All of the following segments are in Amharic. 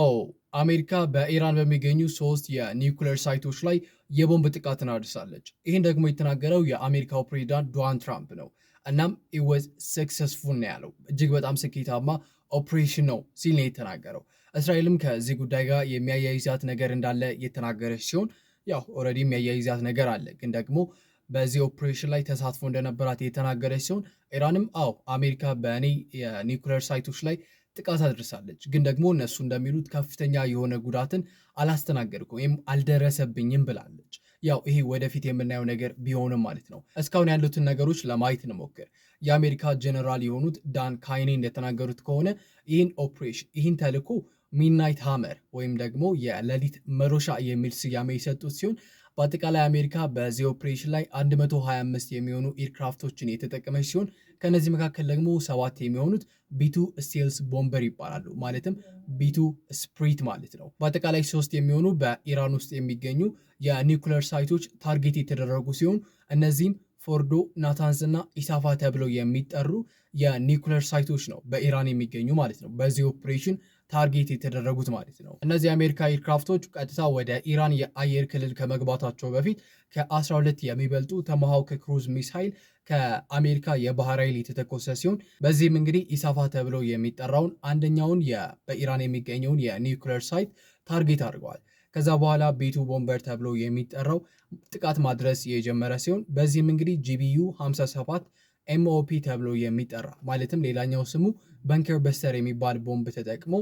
ኦ አሜሪካ በኢራን በሚገኙ ሶስት የኒውክሌር ሳይቶች ላይ የቦምብ ጥቃትን አድርሳለች። ይህን ደግሞ የተናገረው የአሜሪካው ፕሬዚዳንት ዶናልድ ትራምፕ ነው። እናም ኢወዝ ሰክሰስፉል ነው ያለው እጅግ በጣም ስኬታማ ኦፕሬሽን ነው ሲል ነው የተናገረው። እስራኤልም ከዚህ ጉዳይ ጋር የሚያያይዛት ነገር እንዳለ የተናገረች ሲሆን ያው ኦልሬዲ የሚያያይዛት ነገር አለ ግን ደግሞ በዚህ ኦፕሬሽን ላይ ተሳትፎ እንደነበራት የተናገረች ሲሆን ኢራንም አዎ አሜሪካ በእኔ የኒውክሌር ሳይቶች ላይ ጥቃት አድርሳለች፣ ግን ደግሞ እነሱ እንደሚሉት ከፍተኛ የሆነ ጉዳትን አላስተናገድኩም ወይም አልደረሰብኝም ብላለች። ያው ይሄ ወደፊት የምናየው ነገር ቢሆንም ማለት ነው። እስካሁን ያሉትን ነገሮች ለማየት እንሞክር። የአሜሪካ ጀኔራል የሆኑት ዳን ካይኔ እንደተናገሩት ከሆነ ይህን ኦፕሬሽን ይህን ተልዕኮ ሚድናይት ሃመር ወይም ደግሞ የሌሊት መዶሻ የሚል ስያሜ የሰጡት ሲሆን በአጠቃላይ አሜሪካ በዚህ ኦፕሬሽን ላይ 125 የሚሆኑ ኤርክራፍቶችን የተጠቀመች ሲሆን ከእነዚህ መካከል ደግሞ ሰባት የሚሆኑት ቢቱ ስቴልስ ቦምበር ይባላሉ። ማለትም ቢቱ ስፕሪት ማለት ነው። በአጠቃላይ ሶስት የሚሆኑ በኢራን ውስጥ የሚገኙ የኒውክለር ሳይቶች ታርጌት የተደረጉ ሲሆን እነዚህም ፎርዶ፣ ናታንዝ እና ኢሳፋ ተብለው የሚጠሩ የኒኩለር ሳይቶች ነው በኢራን የሚገኙ ማለት ነው። በዚህ ኦፕሬሽን ታርጌት የተደረጉት ማለት ነው። እነዚህ የአሜሪካ ኤርክራፍቶች ቀጥታ ወደ ኢራን የአየር ክልል ከመግባታቸው በፊት ከ12 የሚበልጡ ተማሃውክ ክሩዝ ሚሳይል ከአሜሪካ የባህር ኃይል የተተኮሰ ሲሆን በዚህም እንግዲህ ኢሳፋ ተብሎ የሚጠራውን አንደኛውን በኢራን የሚገኘውን የኒውክሌር ሳይት ታርጌት አድርገዋል። ከዛ በኋላ ቤቱ ቦምበር ተብሎ የሚጠራው ጥቃት ማድረስ የጀመረ ሲሆን በዚህም እንግዲህ ጂቢዩ 57 ኤምኦፒ ተብሎ የሚጠራ ማለትም ሌላኛው ስሙ በንከር በስተር የሚባል ቦምብ ተጠቅሞ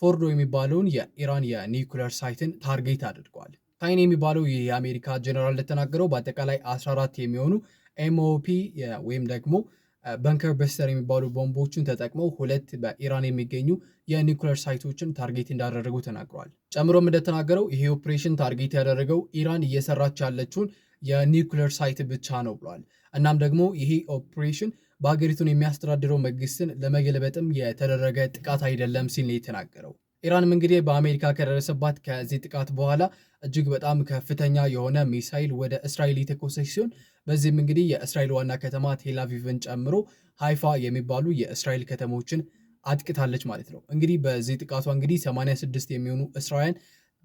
ፎርዶ የሚባለውን የኢራን የኒውክለር ሳይትን ታርጌት አድርጓል። ታይን የሚባለው ይህ የአሜሪካ ጀነራል እንደተናገረው በአጠቃላይ 14 የሚሆኑ ኤምኦፒ ወይም ደግሞ በንከር በስተር የሚባሉ ቦምቦችን ተጠቅመው ሁለት በኢራን የሚገኙ የኒኩለር ሳይቶችን ታርጌት እንዳደረጉ ተናግረዋል። ጨምሮም እንደተናገረው ይሄ ኦፕሬሽን ታርጌት ያደረገው ኢራን እየሰራች ያለችውን የኒኩለር ሳይት ብቻ ነው ብሏል። እናም ደግሞ ይሄ ኦፕሬሽን በሀገሪቱን የሚያስተዳድረው መንግስትን ለመገልበጥም የተደረገ ጥቃት አይደለም ሲል ነው የተናገረው። ኢራንም እንግዲህ በአሜሪካ ከደረሰባት ከዚህ ጥቃት በኋላ እጅግ በጣም ከፍተኛ የሆነ ሚሳይል ወደ እስራኤል የተኮሰች ሲሆን በዚህም እንግዲህ የእስራኤል ዋና ከተማ ቴላቪቭን ጨምሮ ሃይፋ የሚባሉ የእስራኤል ከተሞችን አጥቅታለች ማለት ነው። እንግዲህ በዚህ ጥቃቷ እንግዲህ 86 የሚሆኑ እስራውያን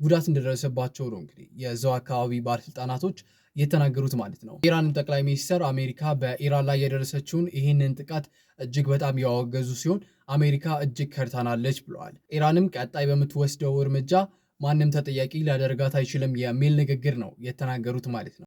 ጉዳት እንደደረሰባቸው ነው እንግዲህ የዛው አካባቢ ባለስልጣናቶች የተናገሩት ማለት ነው። ኢራን ጠቅላይ ሚኒስትር አሜሪካ በኢራን ላይ የደረሰችውን ይህንን ጥቃት እጅግ በጣም ያወገዙ ሲሆን አሜሪካ እጅግ ከርታናለች ብለዋል። ኢራንም ቀጣይ በምትወስደው እርምጃ ማንም ተጠያቂ ሊያደርጋት አይችልም የሚል ንግግር ነው የተናገሩት ማለት ነው።